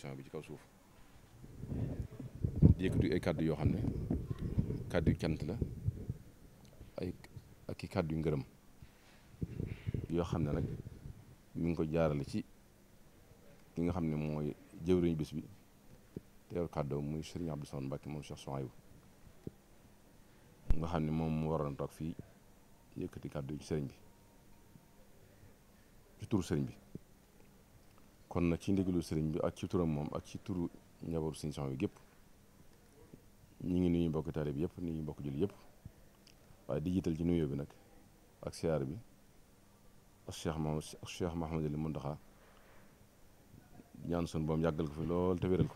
émission bi ci kaw suuf yëkkati ay kàddu yoo xam ne kàddu yu cant la ay ak i kàddu yu ngërëm yoo xam ne nag mi ngi ko jaarale ci ki nga xam ne mooy jëwriñu bis bi teeru kàddoo muy Serigne Abdou Samad Mbacke moom Cheikh Souhaïbou nga xam ne moom mu waroon toog fii yëkkati kàddu ci sëriñ bi ci turu sëriñ bi kon nag ci ndigalu sëriñ bi ak ci turam moom ak ci turu njabootu sëriñ Sohaybu bi gépp ñu ngi nuyu mbokki taalib yëpp nuyu mbokki jullit yëpp waaye di jiital ci nuyoo bi nag ak siyaar bi ak Cheikh Mahamad ak Cheikh Mahamadul Muntaxa ñaan sun boom yàggal ko fi lool te ko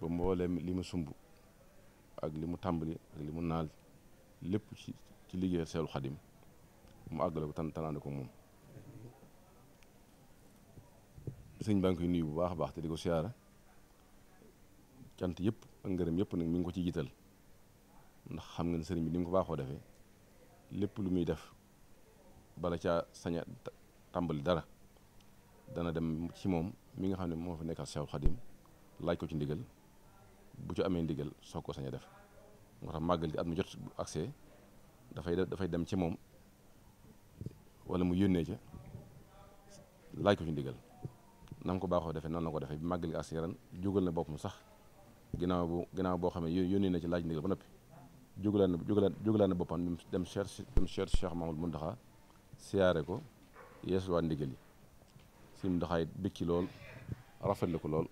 ba mbooleem li mu sumb ak li mu tàmbali ak li mu naal lépp ci liggéey Seexul Xadim mu àggale ko tan tanaane ko moom sëñ baa ngi koy bu baax a baax te di ko yëpp ak ngërëm yëpp nag mi ngi ko ci jiital ndax xam nga ne sëriñ bi ni mu ko baaxoo defee lépp lu muy def bala ca sañ tàmbali dara dana dem ci moom mi nga xam ne moo fi nekkal Seex Xadim laaj ko ci ndigal bu ci amee ndigal soo ko sañ a def moo tax màggal gi at mu jot bu accès dafay dafay dem ci moom wala mu yónnee ca laaj ko ci ndigal na ko baaxoo defee noonu la ko defee bi màggali as yaran jógal na boppam sax ginnaaw bu ginnaaw boo xam ne yónnee na ci laaj ndigal ba noppi jógalaan na jógalaan jógalaan na boppam dem cherche dem cherche Cheikh Mamadou Mountakha siyaare ko yeesuwaat ndigal yi si Mountakha it bëgg ci lool rafet rafetlu ko lool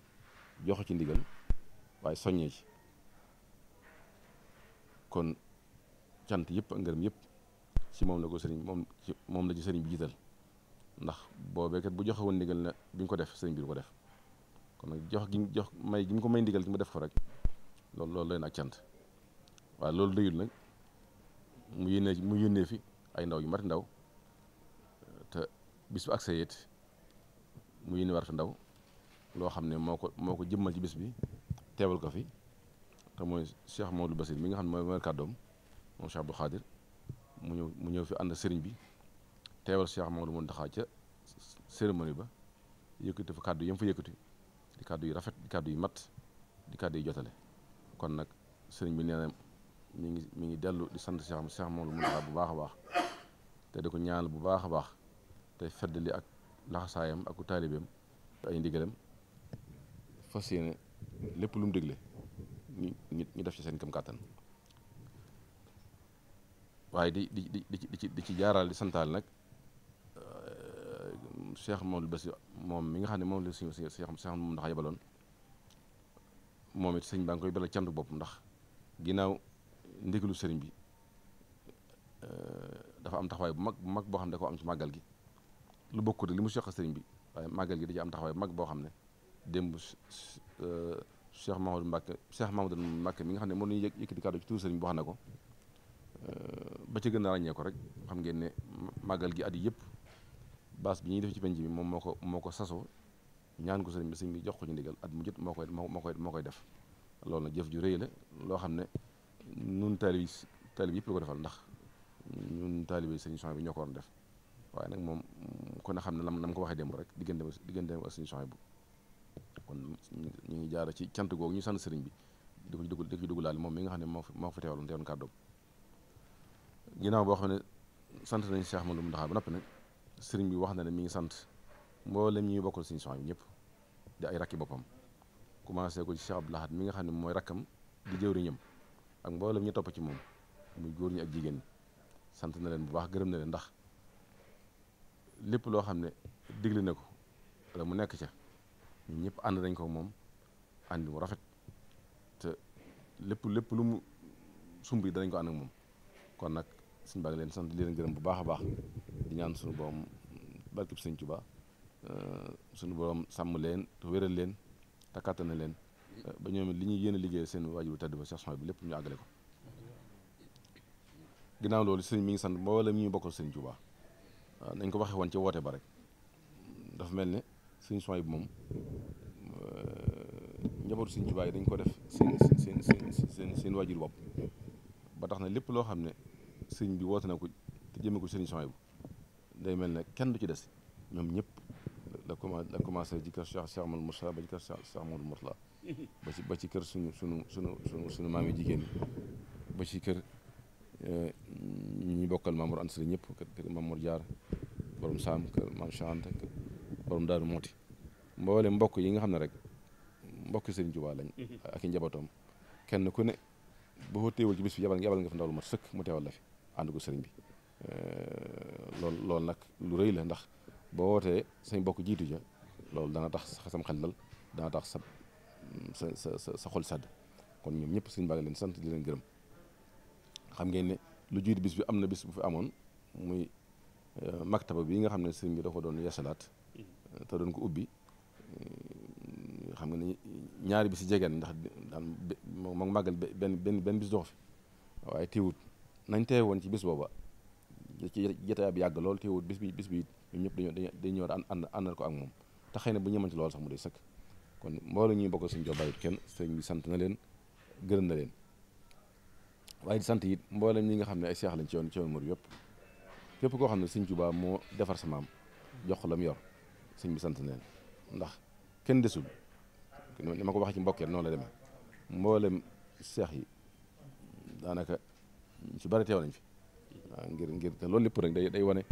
joxe ci ndigal waaye soññee ci kon cant yëpp ak ngërëm yëpp si moom la ko sëriñ moom la ci sëriñ bi jiital ndax boobee kat bu joxe woon ndigal na bi ñu ko def sëriñ bi du ko def kon nag jox gi jox may gi mu ko may ndigal gi mu def ko rek loolu loolu leen ak cant loolu doyul nag mu yónnee mu yónnee fi ay ndaw yu mat ndaw te bis ak accès it mu yónnee war fi ndaw loo xam ne moo ko moo ko jëmmal ci bis bi teewal ko fi te mooy Cheikh lu Basir mi nga xam ne mooy mooy kàddoom moom Cheikh Abdou Khadir mu ñëw mu ñëw fi ànd sëriñ bi teewal Cheikh Mamadou Mountakha ca cérémonie ba yëkkati fa kàddu yam fa yëkkati di kàddu yu rafet di kàddu yu mat di kàddu yu jotale kon nag sëriñ bi nee na mi ngi mi ngi dellu di sant Cheikh Cheikh Mamadou Mountakha bu baax a baax te di ko ñaanal bu baax a baax te feddali ak laxasaayam ak taalibeem te ay ndigalam fas yéene lépp lu mu ñu def ci seen këm kàttan waaye di di di di ci di ci jaaraal di santaal nag Cheikh ba si moom mi nga xam ne moom la suñu Cheikh moom ndax yebaloon moom it sëñ baa ngi koy beral cantu bopp ndax ginnaaw ndigalu sëriñ bi euh, dafa am taxawaay bu mag bu mag boo xam ne da ko am ci màggal gi lu bokkut li mu seq bi waaye màggal gi da ci am taxawaay bu mag boo xam ne démb euh, Cheikh Mamadou Mbacke Cheikh Mamadou Mbacke mi nga xam ne moom la ñuy yëkkati kàddu ci tuur sëriñ na ko euh, ba ci gën a ràññee ko rek xam ngeen ne màggal gi at yi yëpp baas bi ñuy def ci penc bi moom moo ko moo ko sasoo ñaan ko sëriñ bi sëriñ bi jox ko ñu ndigal at mu jot moo koy moo koy moo koy def loolu nag jëf ju rëy la loo xam ne nun taalib taalib yëpp la ko defal ndax ñun taalibe sëriñ Souhaïbou bi ñoo ko waroon def waaye nag moom kon a xam ne lam nam ko waxee démb rek diggante diggante ak sëriñ Souhaïbou kon ñu ngi jaar a ci cant googu ñu sant sëriñ bi di ko ci dugg di ko laal moom mi nga xam ne moo moo fi teewaloon teewoon kàddoom ginnaaw boo xam ne sant nañ Cheikh Mouhamadou Mountakha ba noppi nag sëriñ bi wax na ne mi ngi sant mboolem ñi bokkal suñu soxna ñëpp di ay rakki boppam commencé ko ci Cheikh Abdoul Ahad mi nga xam ne mooy rakkam di jëwriñam ak mboolem ñi topp ci moom muy góor ñi ak jigéen sant na leen bu baax gërëm na leen ndax lépp loo xam ne digle na ko wala mu nekk ca ñun ñëpp ànd dañ ko moom ànd mu rafet te lépp lépp lu mu sumb yi danañ ko ànd ak moom kon nag suñu baa leen sant di leen gërëm bu baax a baax di ñaan suñu boom barkeb sëñ Tuba euh, suñu borom sàmm leen te wéral leen te kàttana leen euh, ba ñoom li ñuy yéen a liggéey seen waajur tedd ba section bi lépp ñu àggale ko ginnaaw loolu sëñ mi ngi sant mboolem ñu bokkal sëñ Tuba waaw nañ ko waxee woon ci woote ba rek dafa mel ne sëñ son bi moom euh, njabootu sëñ Tuba yi dañ ko def seen seen seen seen seen waajur bopp ba tax na lépp loo xam ne sëñ bi woote na ko te jëme ko sëñ son bu day mel ne kenn du ci des ñoom ñëpp la commencé la commencé ci kër Cheikh Cheikh Amadou Moussa ba ci kër Cheikh Amadou Mourtala ba ba ci kër suñu suñu suñu suñu suñu maam yi jigéen ba ci kër ñi bokkal Mamour Anta Sali ñëpp kër Mamour Jaar borom Saam kër Maam Cheikh Anta kër borom Daaru Mooti mboole mbokk yi nga xam ne rek mbokk Serigne Touba lañ ak i njabootam kenn ku ne boo teewul ci bis bi yabal nga yabal nga fa ndaw lu mat sëkk mu teewal la fi ànd ko sëriñ bi loolu euh, loolu nag lu rëy la ndax boo wootee sañ bokk jiitu ja loolu dana tax sam xel dal dana tax sa sa sa sa xol sàdd kon ñoom ñëpp suñu baa ngi leen sant di leen gërëm xam ngeen ni lu jiitu bis bi am na bis bu fi amoon muy euh, maktaba bi nga xam ne sëriñ bi da ko doon euh, te doon ko ubbi xam nga ne ñaari bis jegeen ndax daan moom màggal benn benn benn bis dox fi waaye teewut nañ teewoon ci bis booba ci jotaay bi yàgg lool teewul bis bi bis bi ñoom ñëpp dañoo dañuy ñëw ànd àndal ko ak moom te xëy na bu ñëman ci loolu sax mu day sëkk kon mbooloo ñuy bokk suñu jox bàyyit kenn sëriñ bi sant na leen gërëm na leen waaye di sant it mboolem ñi nga xam ne ay seex lañ ci yoon ci yoon mur yëpp képp koo xam ne sëriñ Tuubaa moo defar sa maam jox ko la mu yor sëriñ bi sant na leen ndax kenn desul ni ma ko waxee ci mbokkeel noonu la demee mboolem seex yi daanaka su bari teew nañ fi ngir ngir te loolu lépp rek day day wane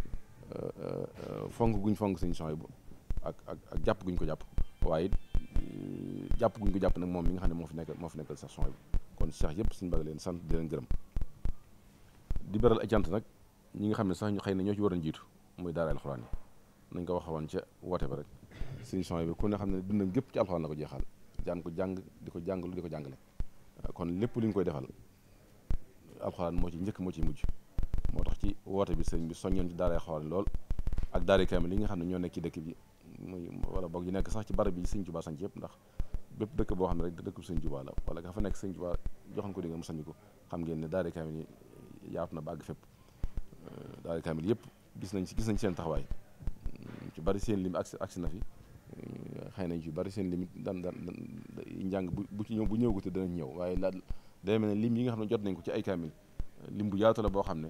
euh, euh, fonk guñ fonk sëñ Souhaïbou ak ak ak jàpp guñ ko jàpp waaye euh, jàpp guñ ko jàpp nag moom mi nga xam ne moo fi nekk moo fi nekkal sax Souhaïbou kon Cheikh yëpp suñu bëgg leen sant di leen gërëm di beral ay cant nag ñi nga xam ne sax ñu xëy na ñoo ci waroon jiitu muy daara alxuraan yi nañ ko waxawoon ca woote ba rek sëñ bi ko ne xam ne dundam gépp ci alxuraan la ko jeexal daan ko jàng di ko jàngalu di ko jàngale kon lépp li koy defal alxuraan moo ci njëkk moo ciy mujj ci woote bi sëñ bi soññoon ci daaray xawaare lool ak daaray kaamil yi nga xam ne ñoo nekk ci dëkk bi muy wala boog yi nekk sax ci barab yi sëriñ Tuubaa sanc yëpp ndax bépp dëkk boo xam ne rek dëkkub sëriñ Tuubaa la wala nga fa nekk sëriñ Tuubaa joxoon ko di nga mu sañ ko xam ngeen ne daaray kaamil yi yaatu na ba àgg fépp euh, daaray yëpp gis nañ ci gis nañ seen taxawaay ci bari seen lim agsi agsi na fi euh, xëy nañ ci bari seen lim daan daan njàng bu bu ci ñëw bu ñëwagute danañ ñëw waaye la day mel ne lim yi nga xam ne jot nañ ko ci ay kaamil lim bu yaatu la boo xam ne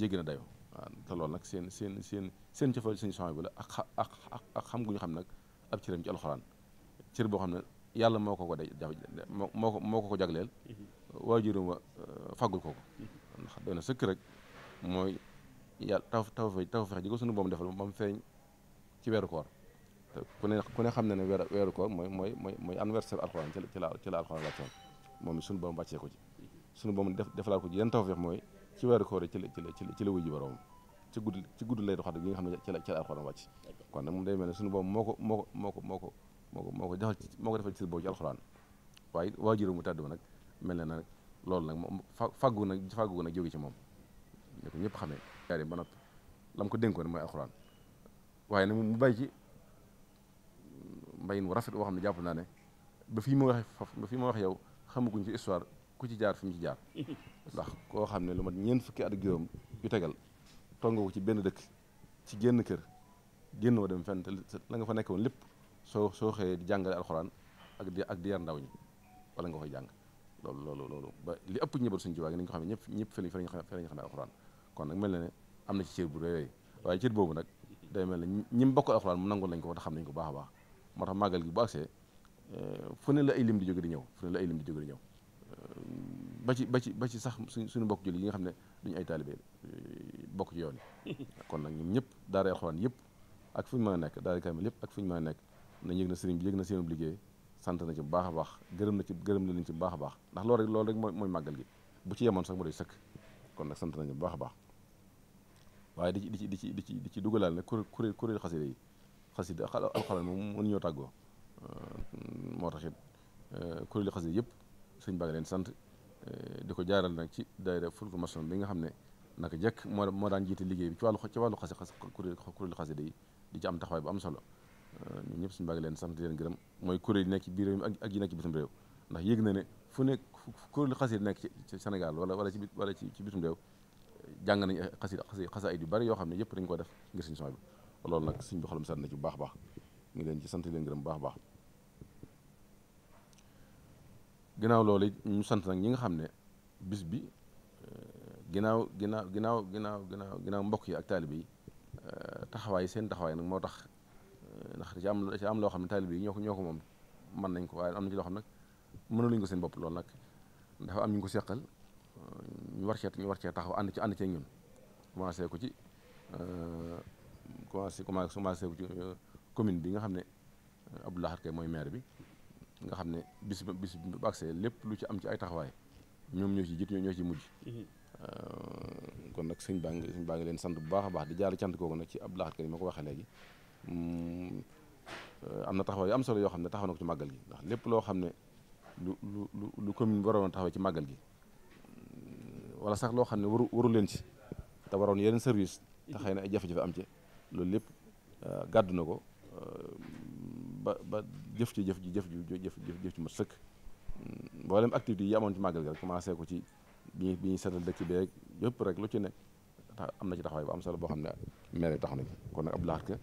jéggi na dayoo waaw te loolu nag seen seen seen seen cofeel seen soxna bi la ak xa ak ak xam gu ñu xam nag ab cëram ci alxuraan cër boo xam ne yàlla moo ko ko day moo ko moo ko ko jagleel mm-hmm. waajuram wa euh, faggul ko ko mm-hmm. ndax doy na sëkk rek mooy yàlla taw taw taw fexe ji ko sunu boom defal moom feeñ ci weeru koor te ku ne ku ne xam ne ne weer weeru koor mooy mooy mooy mooy anniversaire alxuraan ci la ci la alxuraan wàccoon moom sunu boom wàccee ko ci mm-hmm. sunu boom def defalaat ko ci yenn taw feex mooy ci weeru koor ci la ci la ci la wuy ji borom ci guddi ci guddi lay dox gi nga xam ne ci la ci la alxuraan wàcc kon nag moom day mel ne suñu boobu moo ko moo moo ko moo moo ko ko defal moo ko defal ci boobu ci alxuraan waaye waajur mu tàdd nag mel na nag loolu nag moom fàggu nag fàggu nag jóge ci moom ne ko ñëpp xamee yaari ba noppi la mu ko dénkoon mooy alxuraan waaye nag mu bay ci mbayin wu rafet boo xam ne jàpp naa ne ba fii ma wax ba fii wax yow xamaguñ ci histoire ku ci jaar fi mu ci jaar ndax koo xam ne lu ma ñeent fukki at ak juróom yu tegal toog ko ci benn dëkk ci génn kër génn wa dem fenn la nga fa nekk woon lépp soo soo xëyee di jàngale alxuraan di ak di yar ndaw ñi wala nga koy jàng loolu loolu loolu ba li ëpp ñëbal suñu jibaa gi nañu ko xam ne ñëpp ñëpp fële fële ñu xam ne alxuraan na ne na ci cër bu rëy yooyu waaye cër boobu nag day mel ne ñi mu bokk alxuraan mu nangul nañ ko te xam nañ ko baax baax moo tax màggal gi bu agsee eh, fu ne la ay lim di jóge di ñëw fu ne la ay lim di jóge di ñëw ba ci ba ci ba ci sax suñ suñu mbokk julli yi nga xam ne duñu ay taalibe euh, bokk ci yoon yi kon nag ñoom ñëpp daara alxuraan yëpp ak fu ñu mën a nekk daara kaamil yëpp ak fu ñu mën nekk nañ yëg na sëriñ bi yëg na seen liggéey sant na ci bu baax baax gërëm na ci gërëm nañ ci bu baax a baax ndax loolu rek loolu rek mooy mooy màggal gi bu ci yemoon sax mu doy sëkk kon nag sant nañu bu baax a baax waaye di ci di ci di ci di ci di ci dugalaal ne kuréel kuréel xasida yi xasida alxuraan moom mënuñoo tàggoo euh, moo tax it euh, kuréel xasida yëpp sëñ baa leen sant eh, di ko jaaral nag ci daayira fulku mason bi nga xam ne naka jekk moo moo daan jiite liggéey bi ci wàllu ci wàllu xasi kuréel kuréelu xasida yi di ci am taxawaay bu am solo eh, ñun ñëpp suñu baa leen sant di leen gërëm mooy kuréel yi nekk ci biir réew mi ak yi nekk ci bitim réew ndax yéeg na ne fu nekk kuréelu xasida nekk ci Sénégal wala wala ci wala ci bitim réew jàng nañ xasida xasaayid yu bari yoo xam ne yëpp dañ ko def ngir suñu son bi loolu nag suñ bi xolam sant na ci bu sant leen gërëm bu baax baax ginnaaw loolu ñu sant nag ñi nga xam ne bis bi euh, ginnaaw ginnaaw ginnaaw ginnaaw ginnaaw ginnaaw mbokk yi ak taalibe yi euh, taxawaay seen taxawaay nag moo tax euh, ndax da ci am ci am loo xam ne taalibe yi ñoo ko ñoo ko moom mën nañ ko waaye am na ci loo xam nag mënaluñ ko seen bopp loolu nag ndax am ñu ko seqal ñu war cee ñu war cee taxaw ànd ci ànd cee ñun commencé ko ci commencé commencé ko ci commune bi nga xam ne Abdou Lahad mooy maire bi nga xam ne bis ba bis ba accès lépp lu ci am ci ay taxawaay ñoom ñoo ci jiitu ñoo ci mujj. Mm-hmm. kon nag sëñ baa ngi sëñ baa ngi leen sant bu baax a baax di jaarale cant kooku nag ci Abdou Lahad Ka yi ma ko waxee léegi mm-hmm. am na taxawaay yu am solo yoo xam ne taxaw na ko ci màggal gi ndax lépp loo xam ne lu lu lu commune bi waroon ci màggal gi wala sax loo xam ne waru waru leen ci te waroon yeneen service te mm-hmm. na ay jafe-jafe am ci loolu lépp euh, gàdduna ko euh, ba ba jëf ci jëf ji jëf ji jëf jëf ci ma sëkk mboolem activité yi amoon ci màggal gi rek commencé ko ci bi ñuy bi ñuy seetal dëkk bi rek yëpp rek lu ci ne tax am na ci taxawaay bu am solo boo xam ne maire tax na ci kon nag Abdou Lahad Ka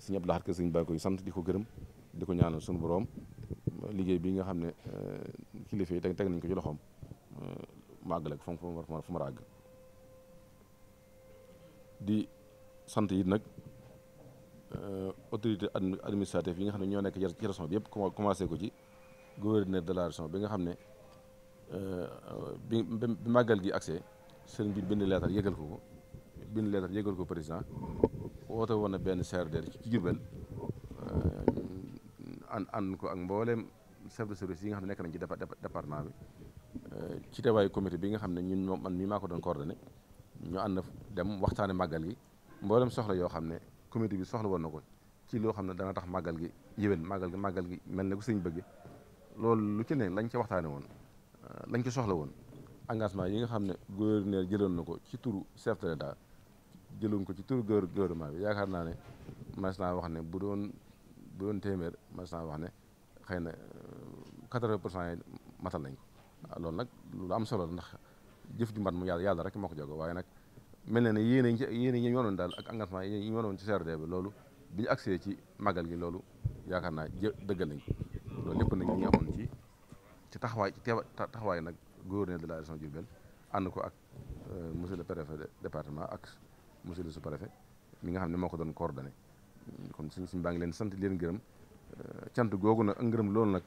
suñu Abdou Lahad Ka suñu bàyyi koy sant di ko gërëm di ko ñaanal suñu boroom liggéey bi nga xam ne kilifa yi teg nañ ko ci loxoom mu àggale ko fa mu fa mu war a àgg di sant yi nag. Euh, autorité administrative yi nga xam ne ñoo nekk ci région bi yëpp commencé ko ci gouverneur de la région bi nga xam ne euh, euh, bi bi màggal gi accès sëriñ bi bind leetar yëgal ko ko bind leetar yëgal ko président woote woon na benn CRD ci Jurbel an ànd ko ak mbooleem chef de service yi nga xam ne nekk nañ ci département bi ci teewaayu comité bi nga xam ne ñun moom man mii maa ko doon coordonné ñu ànd dem waxtaane màggal yi mboolem soxla yoo xam ne comité bi soxla woon na ko ci loo xam ne dana tax màggal gi yéwén màggal gi màggal gi mel ne ko sëñ bëgge loolu lu ci ne lañ ci waxtaane woon euh, lañ ci soxla woon engagement yi nga xam ne gouverneur jëloon na ko ci turu chef de l'État jëloon ko ci turu gouvernement bi yaakaar naa ne mas naa wax ne bu doon bu doon téeméer mas naa wax ne xëy na 80 euh, pour cent yi matal nañ ko loolu nag lu am solo ndax jëf ju mbat mu yàlla yàlla rek moo ko waaye nag mel na ne yéene yéene yi ñu wanoon daal ak engagement yi ñu wanoon ci CRD bi loolu bi ñu accès ci màggal gi loolu yaakaar naa jë dëggal nañ loolu lépp nag ñi ngi amoon ci ci taxawaay ci taxawaay nag gouverneur de la région Diourbel ànd ko ak euh, monsieur le préfet département ak monsieur le sous mi nga xam ne moo ko doon coordonné kon suñ suñ baa ngi leen sant leen gërëm sant euh, googu nag ak ngërëm loolu nag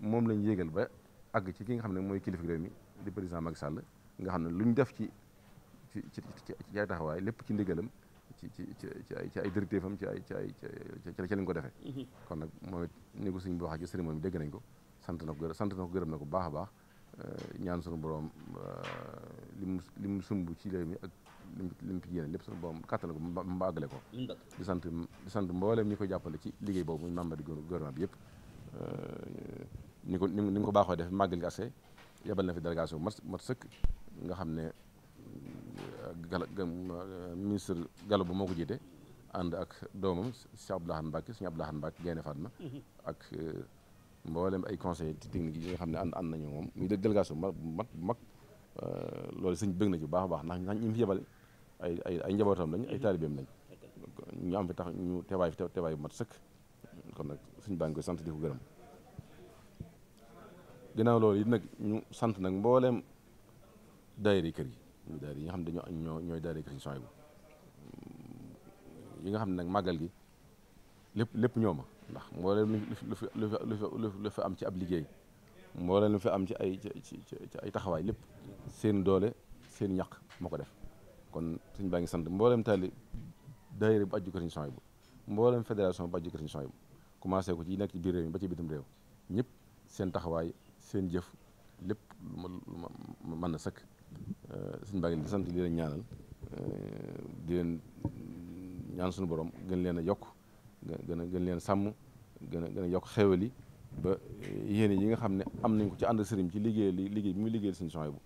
moom lañ yéegal ba àgg ci ki nga xam ne mooy kilifa réew mi di président mag Sall nga xam ne lu ñu def ci ci ci ci ay taxawaay lépp ci ndigalam ci ci ci ay ci ay directive am ci ay ci ay ci lañ ko defee mhm. kon nag moom it ni ko suñ bi waxee ci cérémonie bi dégg nañ ko sant na ko sant na na ko baax a baax euh, ñaan sunu borom euh, li mu li mu sumb ci réew mi ak li mu ci yéene lépp sunu borom kàttan ko mu àggale ko di sant di sant mboolem ko jàppale ci liggéey boobu muy membre du gouvernement bi yëpp euh, ni ko ni mu ko baaxoo def màggal gi accès yebal na fi délégation mat mat sëkk nga xam ne gala ministre Gallo bu moo ko jiite ànd ak doomam Cheikh Abdou Lahad Mbacké suñu Abdou Lahad Mbacké Gaïndé Fatma ak euh, mboolem ay conseillers techniques yi xam ne ànd ànd nañu moom muy délégation bu mag bu mag euh, loolu sëñ bëgg na ci baax a baax ndax ndax ñu fi ay ay ay njabootam lañ ay taalibeem lañ ñu am fi tax ñu teewaay fi teewaay bu mat sëkk kon nag suñu baa ngi koy sant di ko gërëm ginnaaw loolu it nag ñu sant nag mbooleem daayira kër yi daayira yi nga xam ne dañoo ñoo ñooy daayira kër Sëriñ nga xam ne nag màggal gi lépp lépp ñooma ndax mbooleem lu fi lu fi lu fi am ci ab liggéey mbooleem lu fi am ci ay ci ay taxawaay lépp seen doole seen ñaq moo ko def kon suñ baa ngi sant mbooleem taali daayira bu ajju kër Sëriñ Suhaybu mbooleem fédération bu ajju kër Sëriñ Suhaybu commencé ko ci nekk ci biir réew mi ba ci bitim réew ñëpp seen taxawaay seen jëf lépp lu ma mën na sekk Euh, suñu baa ngi di sant di leen ñaanal euh, di ñaan suñu borom gën leen a yokk gën a gën leen sàmm gën a gën a yokk xéewal yi ba euh, yéen yi nga xam ne am nañ ko ci ànd sëriñ ci liggéey li liggéey bi muy liggéeyal suñu soxna bu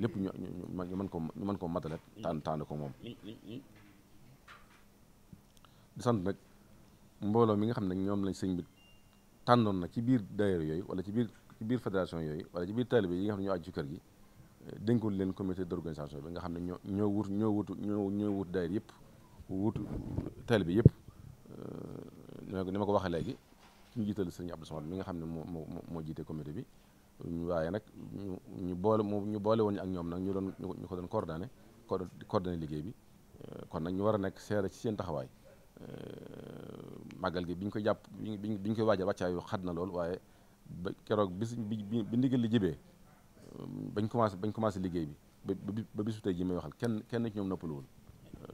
lépp ñu ñu mën ko ñu mën koo matale tànn tànn ko moom di sant nag mbooloo mi nga xam ne ñoom lañ sëñ bi tànnoon na ci biir daayira yooyu wala ci biir ci biir fédération yooyu wala ci biir taalibe yi nga xam ne ñoo aju ci kër gi dénkul leen comité d'organisation bi nga xam ne ñoo ñoo wut ñoo wutu ñoo ñoo wut daayir yëpp wut bi yëpp euh, ni ma ko waxee léegi ñu jiital sëriñ Abdou Samad mi nga xam ne moo moo moo jiite comité bi waaye nag ñu ñu boole ñu boole woon ak ñoom nag ñu doon ñu ko doon coordonné coordonné liggéey bi euh, kon nag ñu war a nekk seere ci seen taxawaay euh, màggal gi bi ñu ko jàpp bi ñu koy waajal wàccaayu xat na lool waaye ba keroog bis bi bi ndigal li jibee bañ commencé bañ commencé liggéey bi ba bisu tey ji may waxal kenn kenn ci ñoom noppaluwul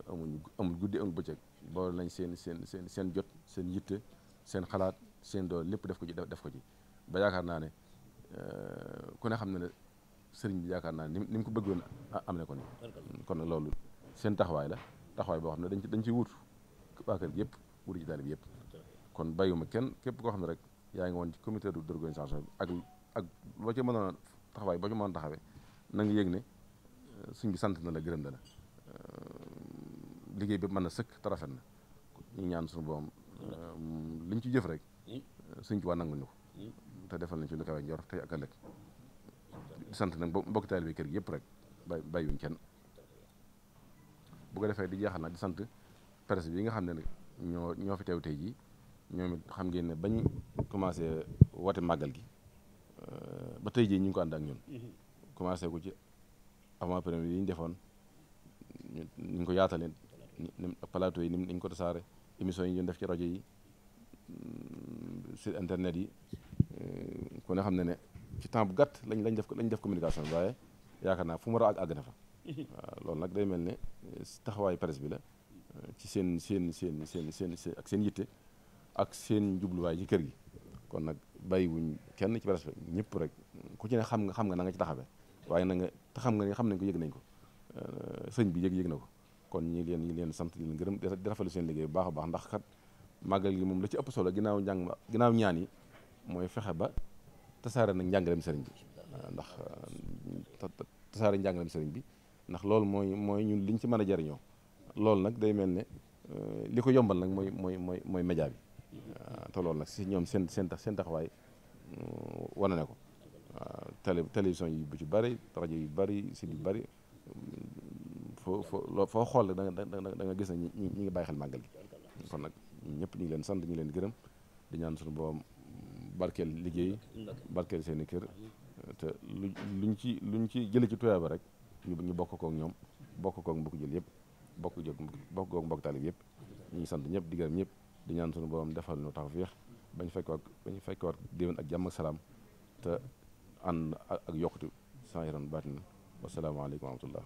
amuñu amul guddi amul bëccëg boo nañ seen seen seen seen jot seen yitte seen xalaat seen doole lépp def ko ci def ko ci ba yaakaar naa ne euh, ku ne xam ne ne sëriñ bi yaakaar naa ni mu ko bëggoon am ne ko ni kon loolu seen taxawaay la taxawaay boo xam ne dañ ci dañ ciy wut waa kër gi yëpp wut ci daal bi yëpp kon bàyyuma kenn képp koo xam ne rek yaa ngi woon ci comité d'organisation bi ak ak loo ci mënoon taxawaay boo ci mën a taxawee na nga yëg ne euh, suñ bi sant na la gërëm na la euh, liggéey bi mën na sëkk te rafet na ñu ñaan suñu boom euh, luñ ci jëf rek suñ ci waa nangu ñu ko te defal nañ ci lu kawe njor tey ak ëllëg di sant nag mbokki taalibe bi kër gi yëpp rek bay bàyyiwuñ kenn bu ko defee di jeexal nag di sant presse bi nga xam ne ñoo ñoo fi teew tey jii ñoom it xam ngeen ne bañu commencé woote màggal gi ba tey jii ñu ngi ko ànd ak ñun. Mhm. commencé ko ci avant premier yi ñu defoon ñu ñu ko yaataleen ni plateau yi ni ñu ko tasaare émission yi ñu def ci rajo yi mm, sur internet yi euh, ku ne xam ne ne ci temps bu gàtt lañ lañ def lañ def communication waaye yaakaar naa fu mu war a àgg àgg na fa. Mhm. waaw loolu nag day mel ni euh, taxawaayu presse bi la euh, ci seen seen seen seen seen ak seen yitte ak seen jubluwaay ci kër gi kon nag. bàyyiwuñ kenn ci presse ñëpp rek ku ci xam nga xam nga na nga ci taxawee waaye na nga te xam nga ne xam nañ ko yëg nañ ko euh, sëñ bi yëg yëg na ko kon ñi ngi leen ñi leen sant di leen gërëm di rafetlu seen liggéey bu baax a baax ndax kat màggal gi moom la ci ëpp solo ginnaaw njàng ma ginnaaw ñaan yi mooy fexe ba tasaare nag njàngalem sëriñ bi euh, ndax euh, tasaare njàngalem sëriñ bi ndax loolu mooy mooy ñun liñ ci mën a jariñoo loolu nag day mel ne li ko yombal nag mooy mooy mooy mooy média bi Ah, te loolu nag si ñoom seen seen seen taxawaay mm, wane na ko ah, télé télévision yi bu ci bëri rajo yu bari si yu bëri mm, foo foo foo xool rek da nga da nga gis ne ñi ngi bàyyi xel màggal gi kon nag ñëpp ñu ngi leen sant ñu leen gërëm di ñaan suñu borom barkeel liggéey barkeel seen i kër te lu luñ ci luñ ci jëlee ci tuyaaba rek ñu bokk koog ñoom bokk koog mbokk jël yëpp bokk jóg mbokk koog taalib yëpp ñu ngi sant ñëpp di gërëm ñëpp di ñaan suñu borom defal ñu tawfiix bañ fekkoon bañ fekkoon déwén ak jàmm salaam te ànd ak yokkute saa yaram baatin wasalaamaaleykum wa rahmatullah